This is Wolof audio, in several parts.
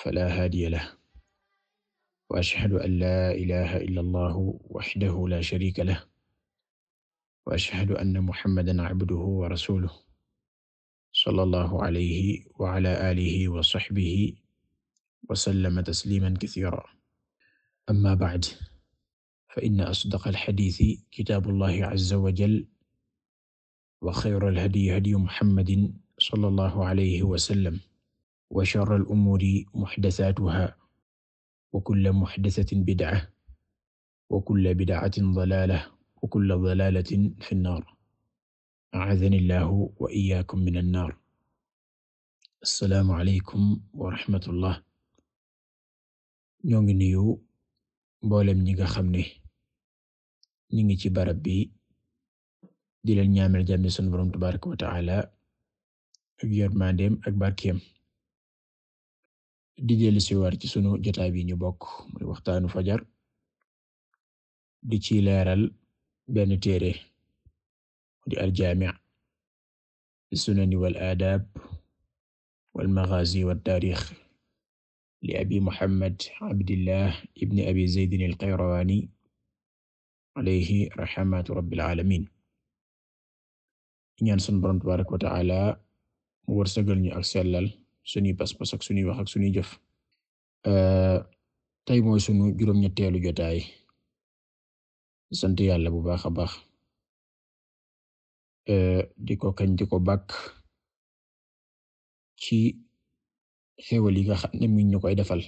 falaa haadiya lahu wa ashhadu an laa ilaaha illallaah wahdahu laa shariika lahu wa ashhadu anna muhammadan abduhu wa rasuuluhu sallallaahu alayhi wa alaa aalihi wa sahbihi wa sallama tasliiman kasiiran ammaa ba'd fa inna asdaqal hadiisi kitaabullaahi azza wa jalla wa xayral hadyi hadyu muhammadin sallallaahu alayhi wa sallam wa sharral umuuri muhdasaatuhaa wa kullu muhdasatin bid'a wa kullu bid'atin dalaala wa kullu dalaalatin fi nnaar a'aazanii llaahu wa iyyaakum mina nnaar assalaamu aleykum wa rahmatullah ñoo ngi nuyu mboolem ñi nga xam ne ñu ngi ci barab bi di leen ñaanal jàmm sunu Boroom tabaaraka wa ta'aala ak yërmandeem ak barkeem di dellu si waat ci sunu jotaay bi ñu bokk waxtaanu fajar di ci leeral benn téere di al-Jaami' li sunani wal aadaab wal maghaazi wat li abi Muhammad Abdillah ibn abi Zayd al alayhi rahmatu rabbil aalamiin ñaan sunu Boroom tabaaraka wa ta'aala mu ñu ak sellal suñuy pas-pas ak suñuy wax ak suñuy jëf euh, tey mooy sunu juróom-ñetteelu jotaay sant yàlla bu baax a baax euh, di kañ di ko bàkk ci xéwal yi nga xam ne mi ñu koy defal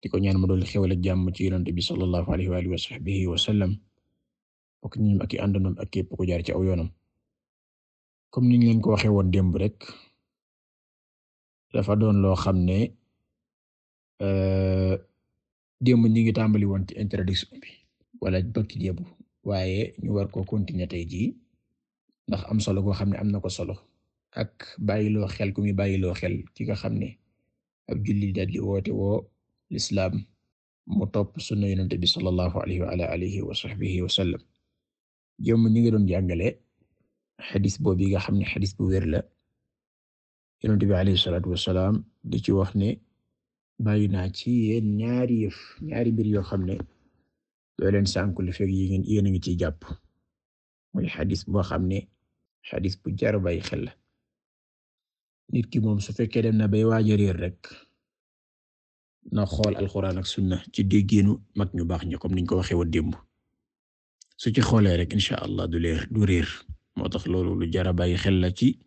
di ko ñaan mu dool xéwal ak jàmm ci yonent bi sallallahu alayhi wa alihi wa sahbihi wa sallam ak ñim ak i àndandoom ak jaar ci aw yoonam comme niñ leen ko waxee woon démb rek dafa doon loo xam ne euh, démb ñi ngi tàmbali woon ci introduction bi wala bakki démb waaye ñu war ko continuer tey jii ndax am solo goo xam ne am na ko solo ak bàyyiloo xel ku mi bàyyiloo xel ki nga xam ne ab julli daal di woote woo lislaam mu topp sunna yonente bi sallallahu alayhi wa ala alihi wa sahbihi wa ngi doon jàngale xadis boobu nga xam ne xadis bu wér la yonent bi alayhi salaatu wassalaam di ci wax ne bàyyi naa ci yéen ñaari yëf ñaari mbir yoo xam ne doo leen sànku li fekk yi ngeen yéen a ngi ciy jàpp muy xadis boo xam ne xadis bu jar bàyyi xel la nit ki moom su fekkee dem na bay waaja réer rek na xool alxuraan ak sunna ci déggeenu mag ñu baax ñu comme niñ ko waxee wa démb su ci xoolee rek incha allah du leer du réer moo tax loolu lu jar a bàyyi xel la ci.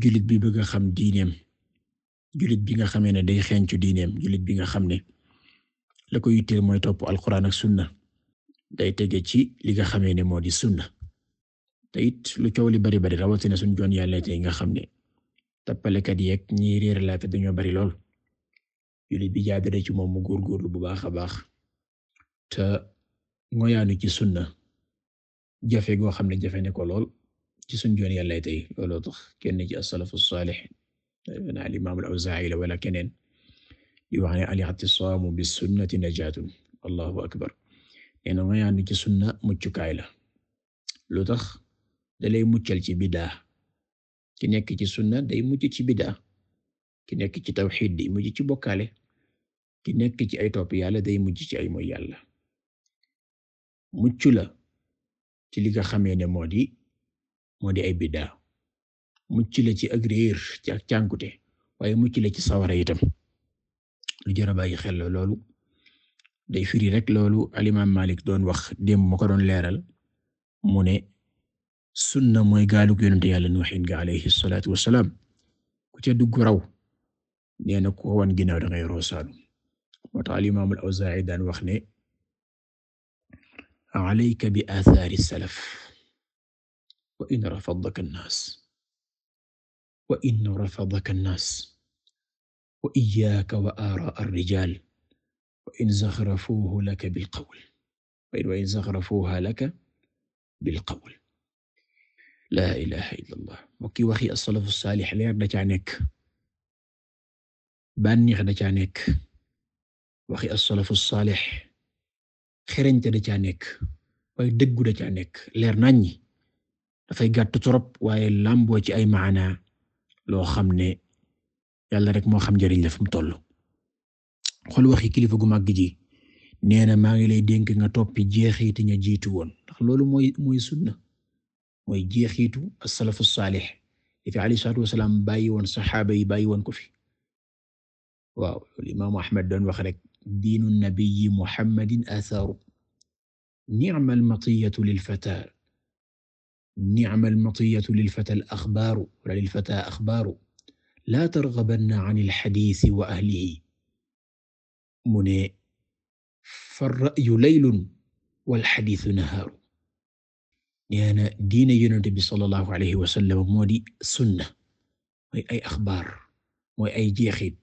julit bi bëgg a xam diineem julit bi nga xamee ne day xencu diineem julit bi nga xam ne la ko mooy topp alquran ak sunna day tege ci li nga xamee ne moo di sunna te it lu coow li bari bari rawatina suñ joon yàlla tey nga xam ne tappalekat yeeg ñi réer la te dañoo bari lool jullit bi jaadare ci moom mu góorgóorlu bu baax a baax te ngoyaanu ci sunna jafe goo xam ne jafe ne ko lool ci suñ joon yàllay tey looloo tax kenn ci as-salafu saalih la wala keneen di wax ne al-i'tisaamu bis-sunnati najaatun allahu akbar nee na nga ci sunna muccukaay la lu tax dalay muccal ci bidaa ki nekk ci sunna day mucc ci bidaa ki nekk ci tawxiid day mujj ci bokkaale ki nekk ci ay topp yàlla day mujj ci ay moy yàlla ci li nga xamee ne moo moodi ay biddaa mucc la ci ak réer waaye mucc la ci sawara itam lu jar a bàyyi xel loolu day firi rek loolu alimaam Malik doon wax démb ma ko doon leeral mu ne sunna mooy gaalug yonente yàlla nuuxin ga alayhi salaatu wassalaam ku ca dugg raw nee na ko wan ginnaaw da ngay roosaanu moo tax alimaam al-Awzaa'i daan wax ne alayka bi aathaari salaf wa in rafadaka nnaas wa in rafadaka nnaas wa iyyaaka wa aaraa ar-rijaal wa in zaxrafuuhu laka bilqawl wa in zaxrafuuhaa laka bilqawl laa ilaaha illallah mokki waxi as-salaf as-saalih leer da caa nekk bànneex da caa nekk waxi as-salaf as-saalih xereñte da caa nekk waaye dëggu da caa nekk leer naññi dafay gàtt trop waaye làmboo ci ay maana loo xam ne yàlla rek moo xam njëriñ la fi mu toll xool waxi kilifa gu màgg ji nee na maa ngi lay dénk nga toppi jeexiitu ña jiitu woon ndax loolu mooy mooy sunna mooy jeexiitu as-salafu saalix dafi alayhi salaatu wasalaam bàyyi woon saxaaba yi bàyyi woon ko fi waaw loolu imaamu Ahmad doon wax rek diinu nabiyi Muhammadin athaaru ni'mal matiyatu lil fataa نعم المطية للفتى الأخبار ولا للفتى أخبار لا ترغبن عن الحديث وأهله mu ne فالرأي ليل والحديث نهار nee na diine yonent bi sallallahu alayhi wa sallam moo di sunna mooy ay axbaar mooy ay jeexit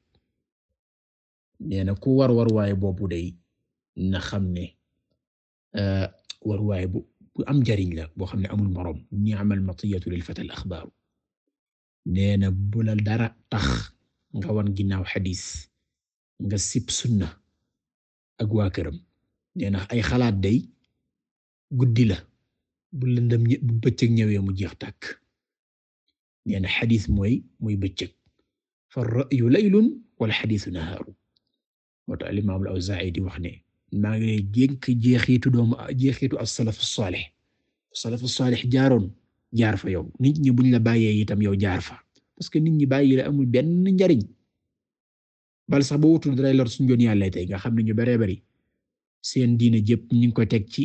nee na ku war war waaye boobu day na xam ne war waaye bu bu am jariñ la boo xam ne amul moroom ni'mal matiyatu lil fata al axbaaru nee na bu la dara tax nga wan ginnaaw xadis nga sib sunna ak waa këram nee na ay xalaat day guddi la bu lëndëm bu bëccëg ñëwee mu jeex tàkk nee na xadis mooy muy bëccëg fa ra'yu laylun wal xadisu nahaaru moo tax al imaam al Awzaa'i di wax ne maa ngi lay jénk jeexitu doomu jeexitu as-salafu saalih as-salafu saalih jaaroon jaar fa yow nit ñi buñ la bàyyee itam yow jaar fa parce que nit ñi bàyyi la amul benn njariñ bal sax boo wutul dara lor suñ joon yàlla tey nga xam ne ñu baree bari seen diine jëpp ñu ngi ko teg ci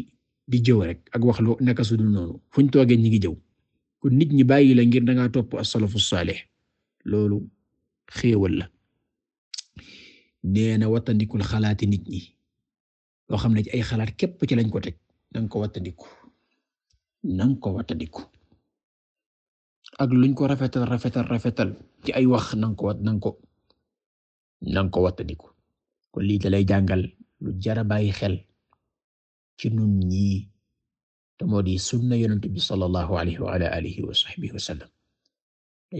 di jëw rek ak wax lu naka su dul noonu fuñ toogee ñi ngi jëw kon nit ñi bàyyi la ngir dangaa topp as-salafu saalih loolu xéewal la nee na watandikul xalaati nit ñi loo xam ne ci ay xalaat képp ci lañ ko teg na ko wattandiku na nga ko wattandiku ak luñ ko rafetal rafetal rafetal ci ay wax na nga ko wat na ko na ko wattandiku kon lii da lay jàngal lu jar a bàyyi xel ci nun ñi te moodi di sunna yonent bi sallallahu alayhi wa ala alihi wa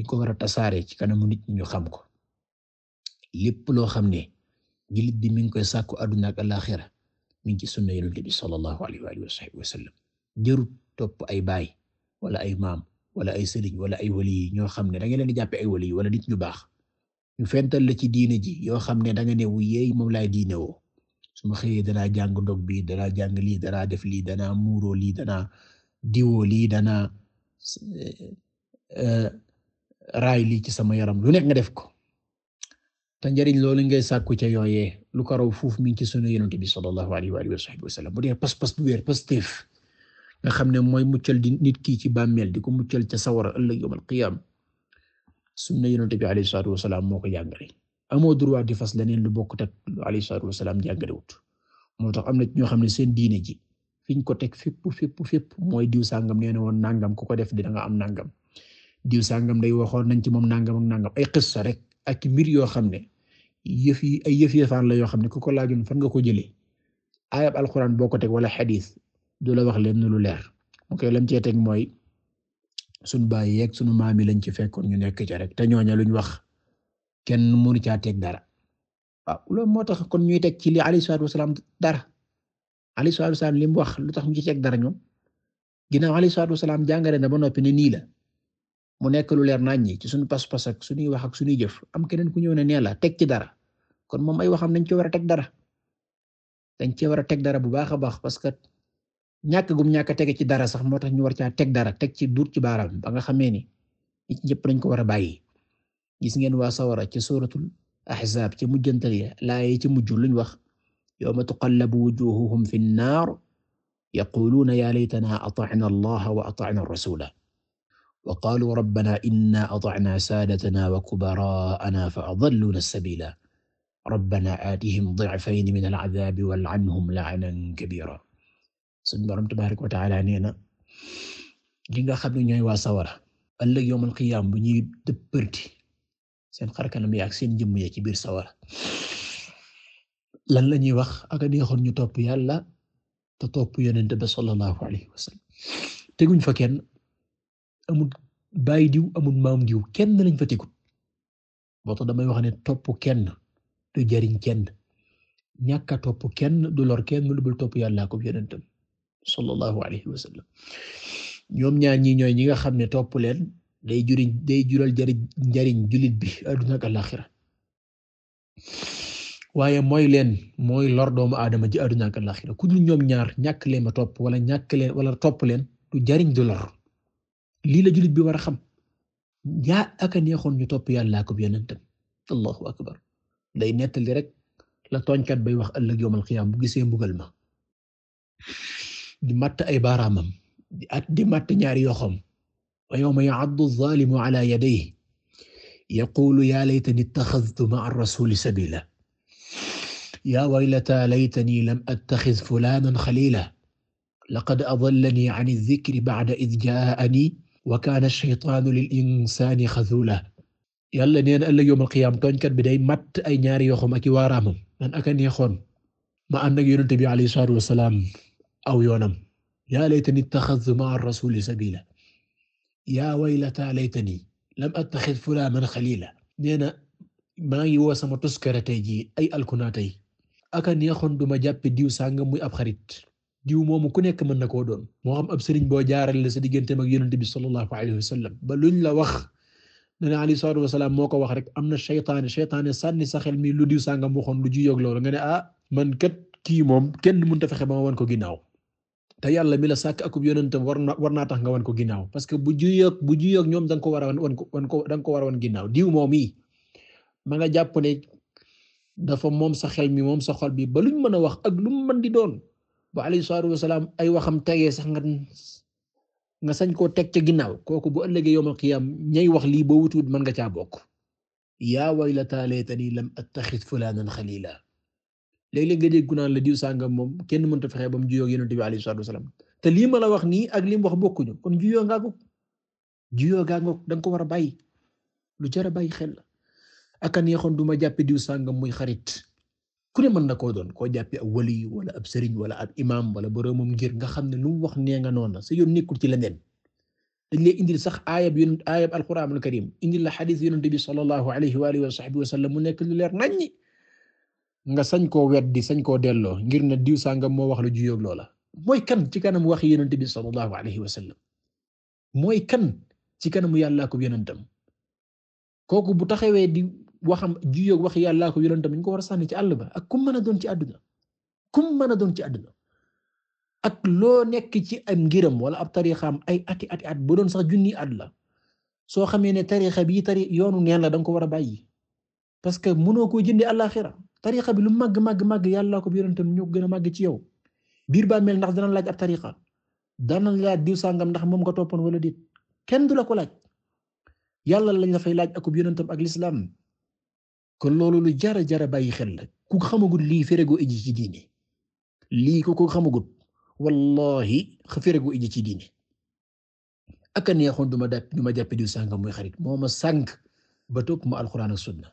ko war a tasaare ci kanamu nit ñu xam ko lépp loo xam ne jullit bi mi ngi koy sàkku àdduna ak alaxira mi ngi ci sunna yonent bi sallallahu alayhi wa sahbihi wa topp ay baay wala ay maam wala ay sëriñ wala ay wali ñoo xam ne da nga leen di jàppe ay wali wala nit ñu baax ñu fental la ci diine ji yoo xam ne da nga ne yeey moom laay diine woo su ma xëyee danaa jàng dog bi danaa jàng lii danaa def lii danaa muuroo lii danaa diwoo lii danaa eh, eh, raay lii ci sama yaram lu nekk nga def ko te njariñ loolu ngay sàkku ca yooyee lu ko raw fuuf mi ci sunu yonent bi sallallahu alayhi wa alihi wa sallam bu dee pas-pas nga xam ne mooy muccal di nit kii ci bàmmeel di ko muccal ca sawara ëllëg yawmal qiyaam sunna yonent bi alayhi salaatu wa salaam moo ko jàngale amoo droit di fas leneen lu bokkut ak lu alayhi salaatu wa salaam moo tax na ñoo xam ne seen diine ji fiñ ko teg fépp fépp fépp mooy diw sàngam nee na woon nangam ku ko def dina nga am nangam diw sàngam day waxoon nañ ci moom nangam nangam ay xissa rek ak mbir yoo xam ne yëf yi ay yëf yëfaan la yoo xam ne ko ko laajoon fan nga ko jëlee ayab alxuraan boo ko teg wala xadiis du la wax leen lu leer mu koy lam cee teg mooy sunu baay yeeg sunu maam yi lañ ci fekkoon ñu nekk ci rek te ñooña luñ wax kenn mënu caa teg dara waaw loolu moo tax kon ñuy teg ci li alayhi salaatu wasalaam dara alayhi salaatu wasalaam li mu wax lu tax ñu ci teg dara ñoom ginnaaw alayhi salaatu wasalaam jàngale na ba noppi ne nii la mu nekk leer naa ñi ci suñu pas-pas ak suñuy wax ak suñuy jëf am keneen ku ñëw ne nee la teg ci dara kon moom ay waxam dañ ci war a teg dara dañ ci war a teg dara bu baax a baax parce que ñàkk ñàkk a ci dara sax moo tax ñu war caa teg dara teg ci duut ci baaraam ba nga xamee ni nit ñëpp dañ ko war a bàyyi gis ngeen waa sawara ci suratul ahzab ci mujjantal ya laaye ci mujj luñ wax yawma tuqallabu wujuhuhum fi nnaar yaquluuna ya laytana ata'na allaha wa ata'na rasula wa qaaluu rabbanaa innaa ata'naa saadatanaa wa kubaraa'anaa fa adalluunaa sabiila rabbanaa aatihim di'fayni minal azaabi wal'anhum la'nan kabiiraa. Sunu Boroom tabaaraka wa ta'aala nee na ñi nga xam ne ñooy waa sawara ëllëg yawmal qiyaama bu ñuy dëppërti seen xarkanam yi ak seen jëmm yi ci biir sawara lan la ñuy wax ak a neexoon ñu topp Yàlla te topp Yonent ba sallallahu alayhi wa sallam teguñ fa kenn. amul baay diw amul maam diw kenn lañ fa tegut moo tax damay wax ne topp kenn du jariñ kenn ñàkk a topp kenn du lor kenn lu dul topp yàllaa ko yonentam sallallahu alayhi wa sallam ñoom ñaar ñi ñooy ñi nga xam ne topp leen day juriñ day jural jariñ njariñ jullit bi àdduna ak alaxira waaye mooy leen mooy lor doomu aadama ji àdduna ak alaxira ku dul ñoom ñaar ñàkk leen ma topp wala ñàkk leen wala topp leen du jariñ du lor lii la jullit bi war a xam yaa aka neexoon ñu topp yàlla ak yonentam allahu akbar day nettali rek la tooñkat bay wax ëllëg yowmal xiyaam bu gisee mbugal ma di matt ay baaraamam di at di matt ñaari yoxam wa yawma ya'addu zaalimu ala yadayhi yaqulu yaa laytani ittaxadtu ma'a rasuli sabila yaa waylataa laytani lam attaxid fulaanan xalila laqad adallani an adh-dhikri ba'da idh jaa'ani wa kaana ash-shaytaanu lil insaani xazula yàlla nee na ëllëg yawmal qiyaam tooñkat bi day matt ay ñaari yoxam ak i waaraamam man ak a neexoon ma ànd ak yonent bi alayhi salaatu wasalaam aw yoonam yaa laytani ittaxaztu ma'a rasuuli sabiila yaa waylataa laytani lam attaxid fulaanan xaliila nee na maa ngi woo sama toskare tey jii ay alkunaatay ak a neexoon duma jàppe diw sàngam muy ab xarit diw moomu ku nekk mën na koo doon moo xam ab sëriñ boo jaarale la sa digganteem ak yonent bi sallallahu alayhi wa sallam ba luñ la wax ne ne alayhi salaatu wasalaam moo ko wax rek am na seytaane seytaane sànni sa xel mi lu diw sàngam waxoon lu juyoog loolu nga ne ah man kat kii moom kenn mënut a fexe ba ma wan ko ginnaaw te yàlla mi la sàkk akub yonentam war na war naa tax nga wan ko ginnaaw parce que bu juyoog bu juyoog ñoom da nga ko war a wan ko wan ko da ko a wan ginnaaw diw moom yi ma nga jàpp ne dafa moom sa xel mi moom sa xol bi ba luñ mën a wax ak lu mu mën di doon bu alayhi salaatu wasalaam ay waxam tegee sax nga nga sañ koo teg ca ginnaaw kooku bu ëllëgee yawmal qiyaam ñay wax lii boo wutiwut man nga caa bokk yaa waylataa laytanii lam attaxid fulaanan xaliila léeg-léeg nga dégg naan la diw sàngam moom kenn mënta fexe ba mu juyoo yonent bi alayhi salaatu wasalaam te lii ma la wax nii ak lim wax bokkuñu kon juyoo ngaa ko juyoo ngaa ko da nga ko war a bàyyi lu jar a bàyyi xel la ak a neexoon jàppe diw sàngam muy xarit ku ne mën na koo doon koo jàppee ab wali wala ab sëriñ wala ab imam wala boroomam ngir nga xam ne lu mu wax nee nga noonu sa yoon nekkul ci leneen dañ lay indil sax aayab yonent aayab alquranul karim indil la xadis yonent bi sallallahu alayhi wa alihi wa sahbihi wa sallam mu nekk lu leer naññi nga sañ koo weddi sañ koo delloo ngir na diw sangam moo wax lu juyoog loola mooy kan ci kanam waxi yonent bi sallallahu alayhi wa sallam mooy kan ci kanamu yàllaa ko yonentam kooku bu taxawee di waxam juyoog wax yàllaa ko yonentam ñu ko war a sànni ci àll ba ak kum mën a doon ci àdduna kum mën a doon ci àdduna ak loo nekk ci am ngiram wala ab tarixaam ay ati ati at bu doon sax junni at la soo xamee ne tarixa bi tari yoonu neen la da nga ko war a bàyyi parce que mënoo koo jëndee àllaaxira tarixa bi lu màgg màgg màgg yàllaa ko yonentam ñu gën a màgg ci yow biir ba mel ndax dana laaj ab tarixa dana laaj diw sàngam ndax moom nga toppoon wala dit kenn du ko laaj yàlla lañ la fay laaj akub yonentam ak lislaam kon loolu lu jara jara bàyyi xel la ku xamagut lii ferego iji ci diine lii ku ko xamagut wallahi ferego iji ci diine ak a neexoon du ma jàppe diw sànq muy xarit moo ma sànq ba topp ma alquran ak sunna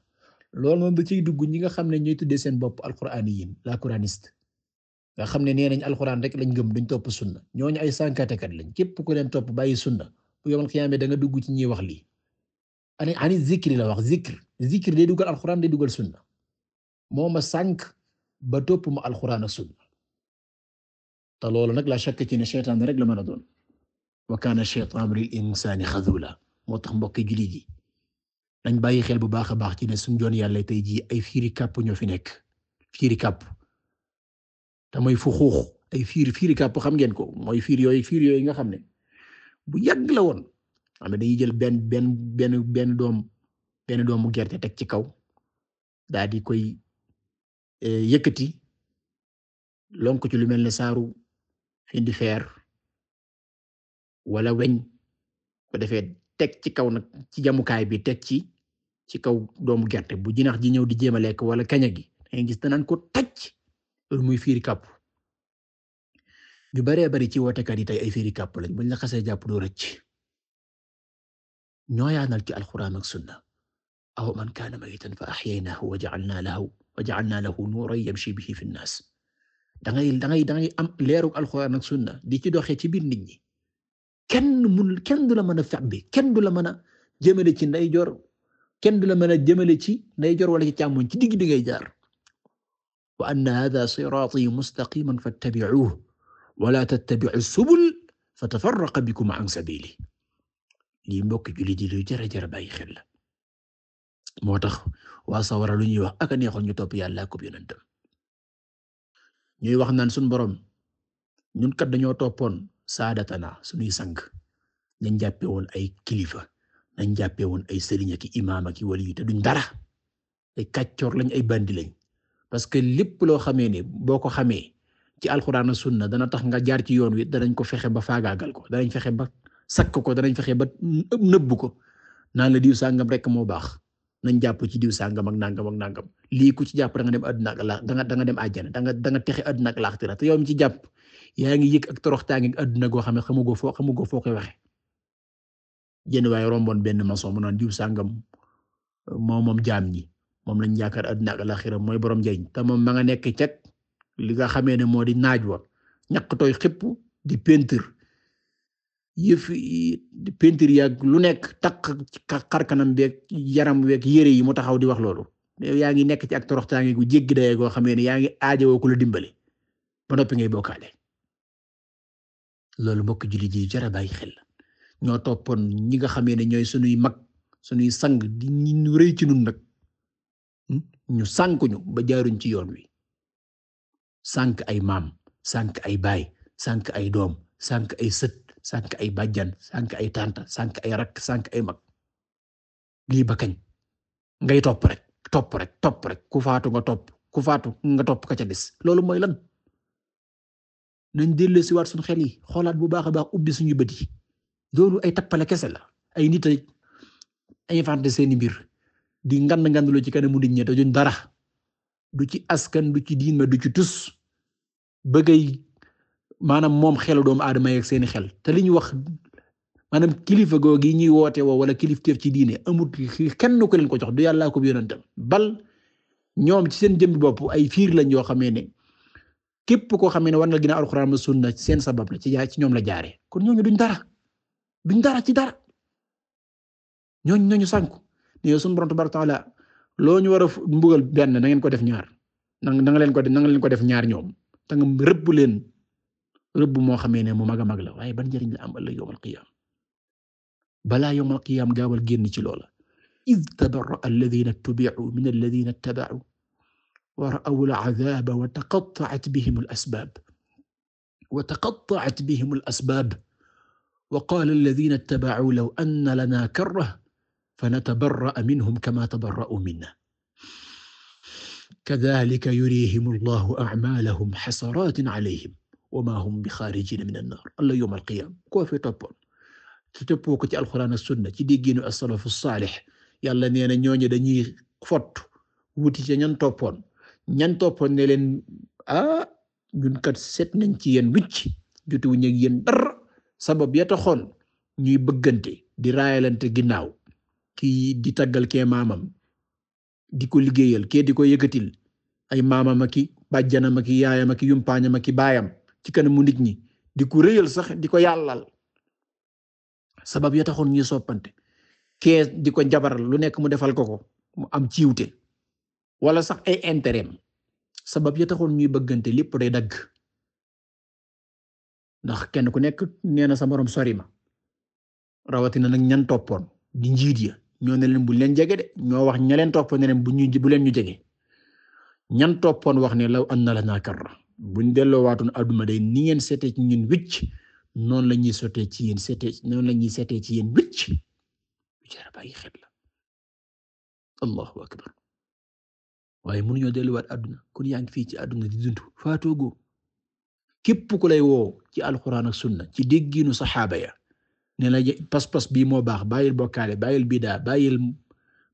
loolu moom da ciy dugg ñi nga xam ne ñooy tuddee seen bopp alquraniyin la quraniste nga xam ne nee nañ alquran rek lañ gëm duñ topp sunna ñooñu ay sànkatekat lañ képp ku leen topp bàyyi sunna bu yomal xiyaame da nga dugg ci ñiy wax lii ani ani zikri la wax zikr zikir day dugal alxuraan day dugal sunna moo ma sànq ba topp ma alxuraan sunna te loolu nag la shakka ci ne seytaan rek la mën a doon wa kaana shaytaanu lil insaani xazula moo tax mbokki julli ji dañ bàyyi xel bu baax a baax ci ne suñ doon yàlla tey jii ay fiiri kàpp ñoo fi nekk fiiri kàpp te mooy fu xuux ay fiir fiiri kàpp xam ngeen ko mooy fiir yooyu fiir yooyu nga xam ne bu yàgg la woon xam ne dañuy jël benn benn benn benn doom benn doomu gerte teg ci kaw daa koy eh, yëkkati lonk ci lu mel ne saaru findi feer walla weñ ko defee teg ci kaw nag ci jamukaay bi teg ci ci kaw doomu gerte bu jinax ji ñëw di jéem a lekk wala kaña gi dangay gis danaan ko tàcc loolu muy fiiri kàpp yu baree bari ci wootekat yi tey ay fiiri kàpp lañ buñ la xasee jàpp doo rëcc ñoo ci alxuraan ak sunna أو من كان ميتا fa ahyaynahu wa ja'alna lahu wa ja'alna lahu nuran yamshi bihi fi nnaas dangay dangay dangay am leerug alxuraan ak sunna di ci doxee ci biir nit ñi kenn mun kenn du la mën a fàbbi kenn du la mën a jëmale ci ndeyjoor kenn du la mën a jëmale ci ndeyjoor wala ci càmmoñ ci digg bi ngay jaar wa anna hadha sirati mustaqiman fattabi'uhu wa la tattabi'u subul fatafarraqa bikum an sabili lii mbokk julli di lu jara jara bàyyi xel la moo tax waa sawara lu ñuy wax ak a ñu topp yàlla ak yonentam ñuy wax naan suñ borom ñun kat dañoo toppoon saadatana suñuy sang nañ jàppe woon ay kilifa nañ jàppe woon ay sëriñ ak imaam ak wali yi te duñ dara ay kàccoor lañ ay bandi lañ parce que lépp loo xamee ne boo ko xamee ci alxuraan ak sunna dana tax nga jaar ci yoon wi danañ ko fexe ba faagaagal ko danañ fexe ba sakk ko danañ fexe ba nëbb ko naan la diw sàngam rek moo baax nañ jàpp ci diw sangam ak nangam ak nangam lii ku ci jàpp da dem àdduna ak la da nga da nga da nga da texe àdduna ak laaxira te yow mi ci jàpp yaa ngi yëg ak toroxtaange ak àdduna goo xam ne xamugoo foo xamugoo foo koy waxe jenn waaye romboon benn maçon mu naan diw sangam moom moom jaam ñi moom lañ yaakaar àdduna ak laaxira mooy borom njëriñ te moom ma nga nekk cag li nga xamee ne moo di naaj wa ñaq tooy xëpp di peinture yëf peinture yaag lu nekk takk xarkanam beeg yaram weeg yére yi mu taxaw di wax loolu yaa ngi nekk ci ak toroxtaange gu jéggi dayoo goo xamee ne yaa ngi aajowoo ku la dimbali ba noppi ngay bokkaale loolu mbokk jullit yi jar a bàyyi xel ñoo toppoon ñi nga xamee ne ñooy sunuy mag sunuy sang di ñu rëy ci nun nag hmm? ñu sànku ñu ba jaaruñ ci yoon wi sànk ay maam sànk ay baay sànk ay doom sànk ay sët sànq ay bàjjan sànq ay tànta sànq ay rakk sànq ay mag lii ba kañ ngay topp rek topp rek topp rek ku faatu nga topp ku faatu nga topp ka ca des loolu mooy lan nañ dellu si waat suñu xel yi xoolaat bu baax a baax ubbi suñu bët yi loolu ay tappale kese la ay nit ay inventé seeni mbir di ngan ngan lu ci kanamu nit ñi te duñ dara du ci askan du ci diin ma du ci tus bëggay maanaam moom xelu doomu aadama yeg seeni xel te li ñu wax maanaam kilifa googu yi ñuy woote woo wala kilifteef ci diine amut kenn ku leen ko jox du yàllaa ko yonentam bal ñoom ci seen jëmbi bopp ay fiir lañ yoo xamee ne képp koo xamee ne war nga ginnaaw alxuraan sunna seen sabab la ci yaa ci ñoom la jaare kon ñooñu duñ dara duñ dara ci dara ñooñu ñooñu sànku ne suñu borom tabaraka taala loo ñu war a mbugal benn na ngeen ko def ñaar na nga leen ko def na nga ko def ñaar ñoom te nga rëbb leen rëbb moo xamee ne mu mag a mag la waaye ban njëriñ la am ëllëg yawmal qiyaam balaa yawmal qiyaam gaawal génn ci loola iz tabarra alladhina tubi'u min alladhina ittaba'u wa ra'aw al'adhaba wa taqatta'at bihim al-asbab wa taqatta'at bihim al-asbab wa qala alladhina ittaba'u law anna lana karratan fanatabarra'a minhum kama tabarra'u minna kadhalika yurihim Allahu a'malahum hasaratin 'alayhim wa ma hum bi xaarijina min annaar alla yawm alqiyaama koo fi toppoon te toppoo ko ci alkuraan ak sunna ci dégginu as-salafu saalix yàlla nee na ñooñu dañuy fott wuti ca ñan toppoon ñan toppoon ne leen ah ñun kat seet nañ ci yéen wicc jotuwuñ ak yéen dara sabab ya taxoon ñuy bëggante di raayalante ginnaaw ki di taggal kee maamam di ko liggéeyal kee di ko yëkkatil ay maamam ak i bàjjanam ak i yaayam ak i yumpaañam baayam ci kanamu nit ñi di ko rëyal sax di ko yàllal sabab ya taxoon ñuy soppante kee di ko jabaral lu nekk mu defal ko ko mu am ciwte wala sax ay intérêt sabab ya taxoon ñuy bëggante lépp day dagg ndax kenn ku nekk nee na sa morom sori ma rawatina nag ñan toppoon di njiit ya ñoo ne leen bu leen jege de ñoo wax ña leen toppoon ne leen bu ñuy bu leen ñu jege ñan toppoon wax ne law anna lanaa karra buñ delloowaaton àdduna day ni ngeen seetee ci ñun wicc noonu la ñuy sotee ci yéen seetee noonu la ñuy ci yéen wicc lu jar bàyyi xel allahu akbar waaye mënuñoo delluwaat àdduna kon yaa ngi fii ci àdduna di dund faatoogoo képp ku lay woo ci alquran ak sunna ci dégginu saxaaba ya ne la pas-pas bii moo baax bàyyil bokkaale bàyyil bidaa bàyyil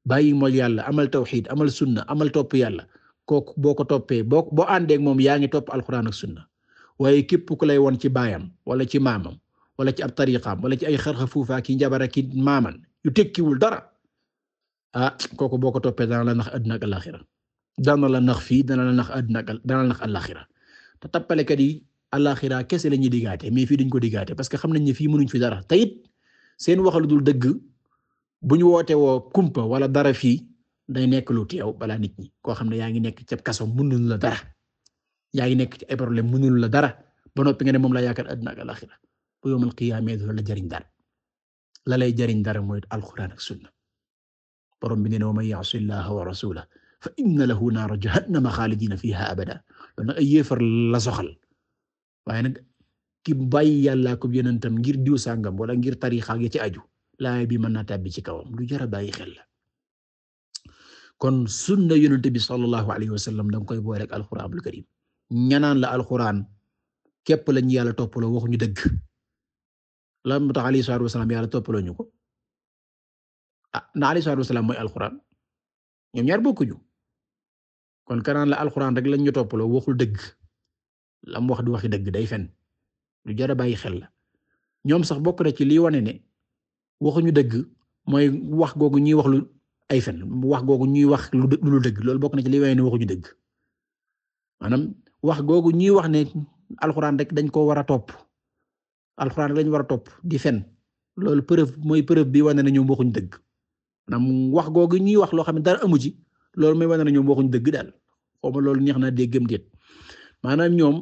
bàyyi mooy yàlla amal tawxid amal sunna amal topp yàlla kooku boo ko toppee boo boo àndeek moom yaa ngi topp alxuraan ak sunna waaye képp ku lay won ci baayam wala ci maamam wala ci ab tariqaam wala ci ay xarxa fuufa ki njabara ki maaman yu tekkiwul dara ah kooku boo ko toppee dana la nax àdduna ak alaxira dana la nax fii dana la nax àdduna ak dana la nax alaxira te tappalekat yi alaxira kese la ñuy digaate mais fii dañ ko digaate parce que xam nañ ne fii mënuñ fi dara te it seen waxalu dul dëgg bu ñu woote woo kumpa wala dara fii day nekk lu teew balaa nit ñi koo xam ne yaa ngi nekk ci kaso mënul la dara yaa ngi nekk ci ay problème mënul la dara ba noppi nga ne moom la yaakaar àddina ak alaxira bu yawmal qiyaama la jariñ dara la lay jariñ dara mooy alxuraan ak sunna borom bi nee na wa man ya'si llaaha wa fa inna lahu naara jahannama xaalidiina fiiha abada loolu nag ay la soxal waaye nag ki bàyyi yàllaa ko yonentam ngir diw sàngam wala ngir tariixa yi ci aju laay bi man naa tàbbi ci kawam lu jar a bàyyi xel la. kon sunna yonent bi sallallahu alayhi wa sallam da nga koy booy rek alxuraanul karim ñanaan la alxuraan képp lañu yàlla toppaloo waxuñu dëgg lan moo tax alayhi salaatu wa yàlla toppaloo ñu ko ah na alayhi mooy alxuraan ñoom ñaar bokkuñu kon kanaan la alxuraan rek lañ ñu toppaloo waxul dëgg lam wax du waxi dëgg day fen jar a bàyyi xel la ñoom sax bokk na ci lii wane ne waxuñu dëgg mooy wax googu ñuy ay fen wax googu ñuy wax lu lu dëgg loolu bokk na ci li waaye ne waxuñu dëgg maanaam wax googu ñuy wax ne alxuraan rek dañ ko war a topp alxuraan rek lañ war a topp di fen loolu preuve mooy preuve bi wane na ñoom waxuñu dëgg maanaam wax googu ñuy wax loo xam ne dara amu ci loolu mooy wane na ñoom dëgg daal xaw ma loolu neex na déggam déet maanaam ñoom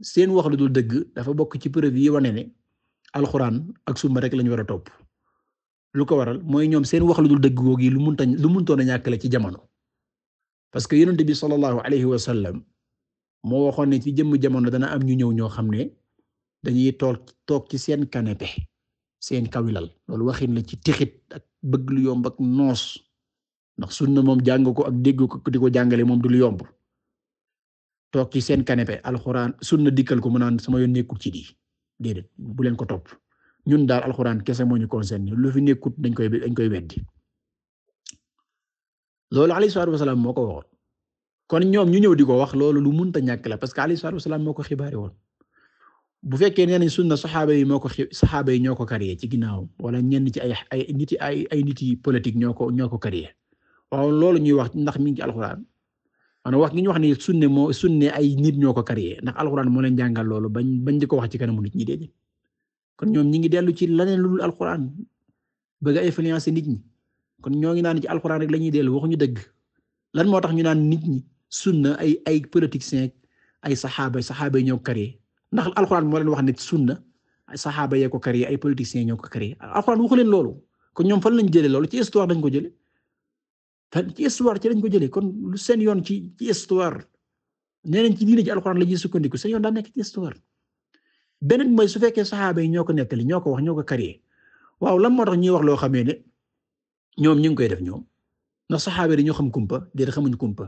seen wax lu dul dëgg dafa bokk ci preuve yi wane ne alxuraan ak suma rek lañ war a topp lu ko waral mooy ñoom seen wax lu dul dégg googu yi lu munta lu muntoon a ñàkkale ci jamono parce que yonent bi sallallahu alayhi wa sallam moo waxoon ne ci jëmm jamono dana am ñu ñëw ñoo xam ne dañuy toog toog ci seen canapé seen kawilal loolu waxin la ci tixit ak bëgg lu yomb ak noos ndax sunna moom jàng ko ak dégg ko di ko jàngale moom du lu yomb toog ci seen canapé alxuraan sunna dikkal ko mun naan sama yoon nekkul ci di déedéet bu leen ko topp ñun daal alxuraan kese moo ñu concerné lu fi nekkut dañ koy dañ koy weddi loolu alayhi salaatu wasalaam moo ko waxoon kon ñoom ñu ñëw di ko wax loolu lu munta ñàkk la parce que alayhi salaatu wasalaam moo ko xibaari woon bu fekkee nee nañ sunna saxaaba yi moo ko saxaaba yi ñoo ko kariyee ci ginnaaw wala ñenn ci ay ay nit ay ay nit yi politique ñoo ko ñoo ko kariyee waaw loolu ñuy wax ndax mi ngi ci alxuraan maanaam wax gi wax ni sunne moo sunne ay nit ñoo ko kariyee ndax alxuraan moo leen jàngal loolu bañ bañ di wax ci kanamu nit ñi déedéet kon ñoom ñi ngi dellu ci leneen lu dul alxuraan bëgg a influencer nit ñi kon ñoo ngi naan ci alxuraan rek lañuy ñuy dellu waxuñu dëgg lan moo tax ñu naan nit ñi sunna ay ay politiciens ay saxaaba saxaaba yi ñoo créé ndax alxuraan moo leen wax ne sunna ay saxaaba yee ko créé ay politiciens ñoo ko créé alxuraan waxu leen loolu kon ñoom fan lañ jëlee loolu ci histoire dañ ko jëlee ci histoire ci lañ ko jëlee kon lu seen yoon ci ci histoire nee nañ ci diine ci alxuraan la ñuy sukkandiku seen yoon daa nekk ci histoire. beneen mooy su fekkee saxaaba yi ñoo ko nettali ñoo ko wax ñoo ko kariyee waaw lan moo tax ñuy wax loo xamee ne ñoom ñu ngi koy def ñoom ndax saxaaba yi ñoo xam kumpa déedéet xamuñ kumpa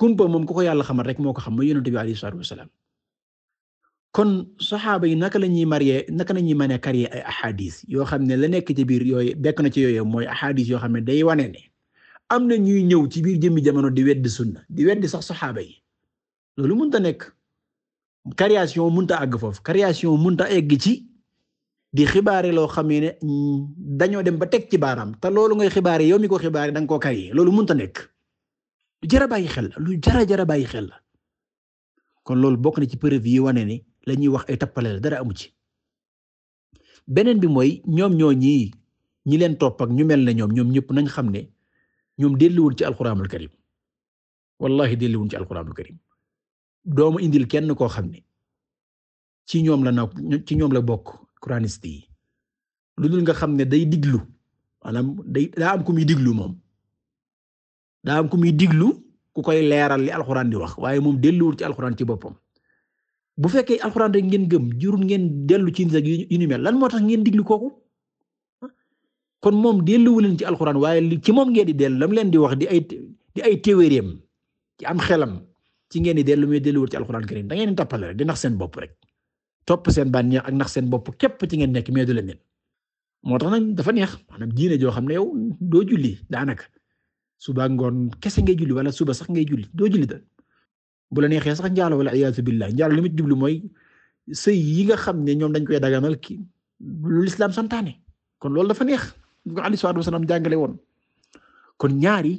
kumpa moom ku ko yàlla xamal rek moo ko xam mooy yonent bi alayhi salaatu wasalaam kon saxaaba yi naka la ñuy marié naka la ñuy mën a kariyee ay ahadis yoo xam ne la nekk ci biir yooyu bekk na ci yooyu mooy ahadis yoo xam ne day wane am na ñuy ñëw ci biir jëmmi jamono di weddi sunna di weddi sax saxaaba yi loolu mënta nekk. cariation mënut a àgg foofu création mënut ta egg ci di xibaare loo xam ne dañoo dem ba teg ci baaraam te loolu ngay xibaare yow mi ko xibaare da nga koo créé loolu mun ta nekk lu jar a bàyyi xel lu jar jar a bàyyi xel la kon loolu bokk na ci preuve yi wane ne la ñuy wax ay tappale la dara amu ci beneen bi mooy ñoom ñoo ñii ñi leen topp ak ñu mel ne ñoom ñoom ñëpp nañ xam ne ñoom delluwul ci alxuraanul karim wallahi delluwul ci alxuraanul karim doomu indil kenn koo xam ne ci ñoom la na ci ñoom la bokk coraniste lu dul nga xam ne day diglu maanaam day daa am ku muy diglu moom daa am ku muy diglu ku koy leeral li alxuraan di wax waaye moom delluwul ci alxuraan ci boppam bu fekkee alxuraan ngeen gëm jurul ngeen dellu ci nag yu lan moo tax ngeen diglu kooku kon moom delluwu leen ci alxuraan waaye ci moom ngeen di dellu lam leen di wax di ay di ay téeweereem ci am xelam ci ngeen di dellu muy delluwul ci alxuraan karim da ngeen di toppale rek di nax seen bopp rek topp seen ba bànneex ak nax seen bopp képp ci ngeen nekk mais du leen nen moo tax nag dafa neex maanaam diine joo xam ne yow doo julli daanaka suba ngoon kese ngay julli wala suba sax ngay julli doo julli da bu la neexee sax njaalo wala iyaatu billah njaalo li mu jublu mooy sëy yi nga xam ne ñoom dañ koy daganal ki lu lislaam santaane kon loolu dafa neex bu ko alayhi salaatu wasalaam jàngale woon kon ñaari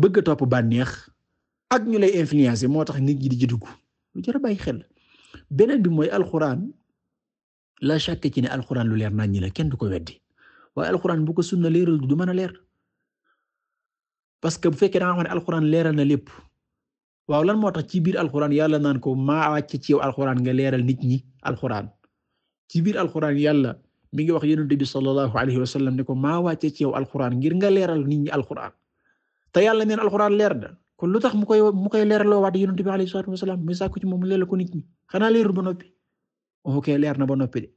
bëgg topp bànneex ak ñu lay influencer moo tax nit ñi di ci dugg lu jar a xel beneen bi mooy alxuraan la chaque ci ne alxuraan lu leer nañ ñi la kenn du ko weddi waaye alxuraan bu ko sunna leeral du mën a leer parce que bu fekkee da nga ne alxuraan leeral na lépp waaw lan moo tax ci biir alxuraan yàlla naan ko maa wàcc ci yow alxuraan nga leeral nit ñi alxuraan ci biir alxuraan yàlla mi ngi wax yonent bi sallallahu alayhi wa sallam ko maa wàcce ci yow ngir nga leeral nit ñi alxuraan te yàlla neen alxuraan leer na kon lu tax mu koy mu koy leeraloo waat yonent bi alayhi salaatu wasalaam muy sàkku ci moom leeral ko nit ñi xanaa leerul ba noppi ok leer na ba noppi de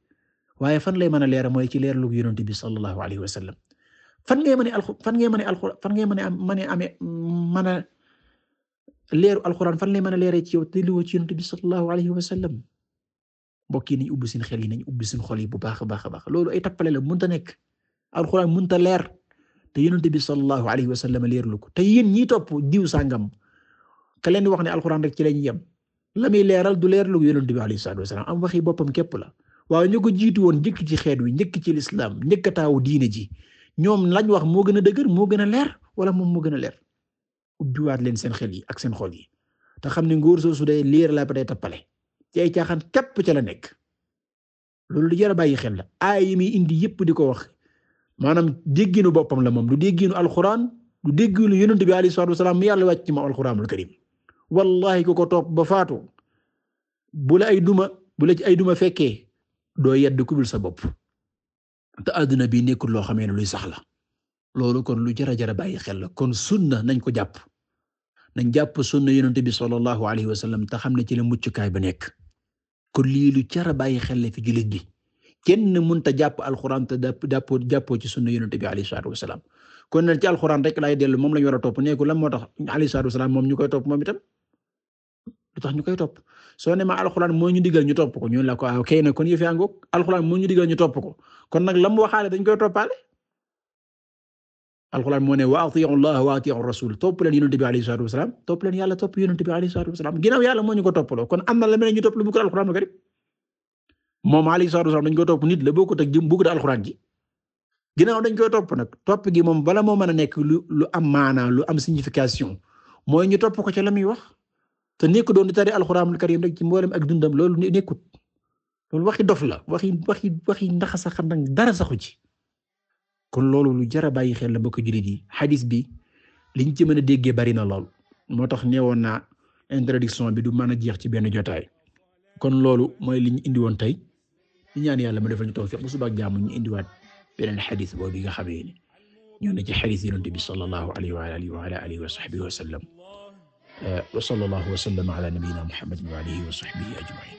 waaye fan lay mën a leer mooy ci leeralu yonent bi sallallahu alayhi wa sallam fan ngay mën a alxu fan ngay mën a alxu fan ngay mën a mën a amee a leeru alxuraan fan lay mën a leeree ci yow te liwoo ci yonent bi sallallahu alayhi wa sallam mbokk yi nañ ubbi seen xel yi nañ ubbi seen xol yi bu baax a baax a baax loolu ay tappale la mënta nekk alxuraan mënta leer. te yonent bi sallallahu alayhi wa sallam leerlu ko te yen ñi topp diw sàngam ka leen di wax ne alxuraan rek ci lañ yem la muy leeral du leerlu ko yonent bi alayhi salaatu wa salaam am waxi boppam képp la waaye ñu ko jiitu woon njëkk ci xeet wi njëkk ci lislaam njëkk taawu diine ji ñoom lañ wax moo gën a dëgër moo gën a leer wala moom moo gën a leer ubbiwaat leen seen xel yi ak seen xool yi te xam ne ngóor soosu day leer la ba day tappale ci ay caaxaan képp ca la nekk loolu lu jar a bàyyi xel la aay yi muy indi yëpp di ko wax maanaam dégginu boppam la moom du dégginu alxuraan du dégginu yonent bi alayhi salaatu wasalaam mu yàlla wàcc ci moom alxuraanul karim wallahi ku ko toog ba faatu bu la ay duma bu la ci ay duma fekkee doo yedd kubul sa bopp te àdduna bi nekkul loo xamee ne luy sax la loolu kon lu jara jara bàyyi xel la kon sunna nañ ko jàpp na jàpp sunna yonent bi sallallahu alayhi wa sallam te xam ne ci la muccukaay ba nekk kon lii lu jara bàyyi xel la fi jullit bi kenn mënta jàpp alxuraan te jàppoo jàppoo ci sunna yonent bi alayhi salaatu wasalaam kon nag ci alxuraan rek laay dellu moom la ñu topp nee ko lan moo tax alayhi ñu tax ñu koy topp soo ne ma alxuraan moo ñu ñu topp ko ñu la ko ah kay nag kon yëf yaa ñu digal ñu topp alxuraan moo ne wa atii'u Allah wa atii'u rasul topp leen yonent bi alayhi salaatu wasalaam topp leen yàlla moo ñu ko toppaloo kon am na la mel ñu topp lu mu ko alxuraan moom alayhi salaatu wasalaam dañ koy topp nit la bokkut ak jëm bokkut ak alxuraan ji ginnaaw dañ koy topp nag topp gi moom bala moo mën a nekk lu lu am maanaa lu am signification mooy ñu topp ko ca la muy wax te nekk doon di tari alxuraanul karim rek ci mboolem ak dundam loolu nekkut loolu waxi dof la waxi waxi waxi ndax sax nag dara saxu ci kon loolu lu jar a bàyyi xel la bokk jullit yi xadis bi liñ ci mën a déggee bari na lool moo tax neewoon naa introduction bi du mën a jeex ci benn jotaay kon loolu mooy liñ indi woon tey di ñaan yàlla mu defal ñu tawfiq bu suba ak jàmm ñu indiwaat beneen xadis boobu nga xamee ne ñoo ne ci xadis yonent bi sallallahu alayhi wa alihi wa ala alihi wa sahbihi wa sallam wa sallallahu wa sallam ala nabiyyina muhammadin wa alihi wa sahbihi ajma'in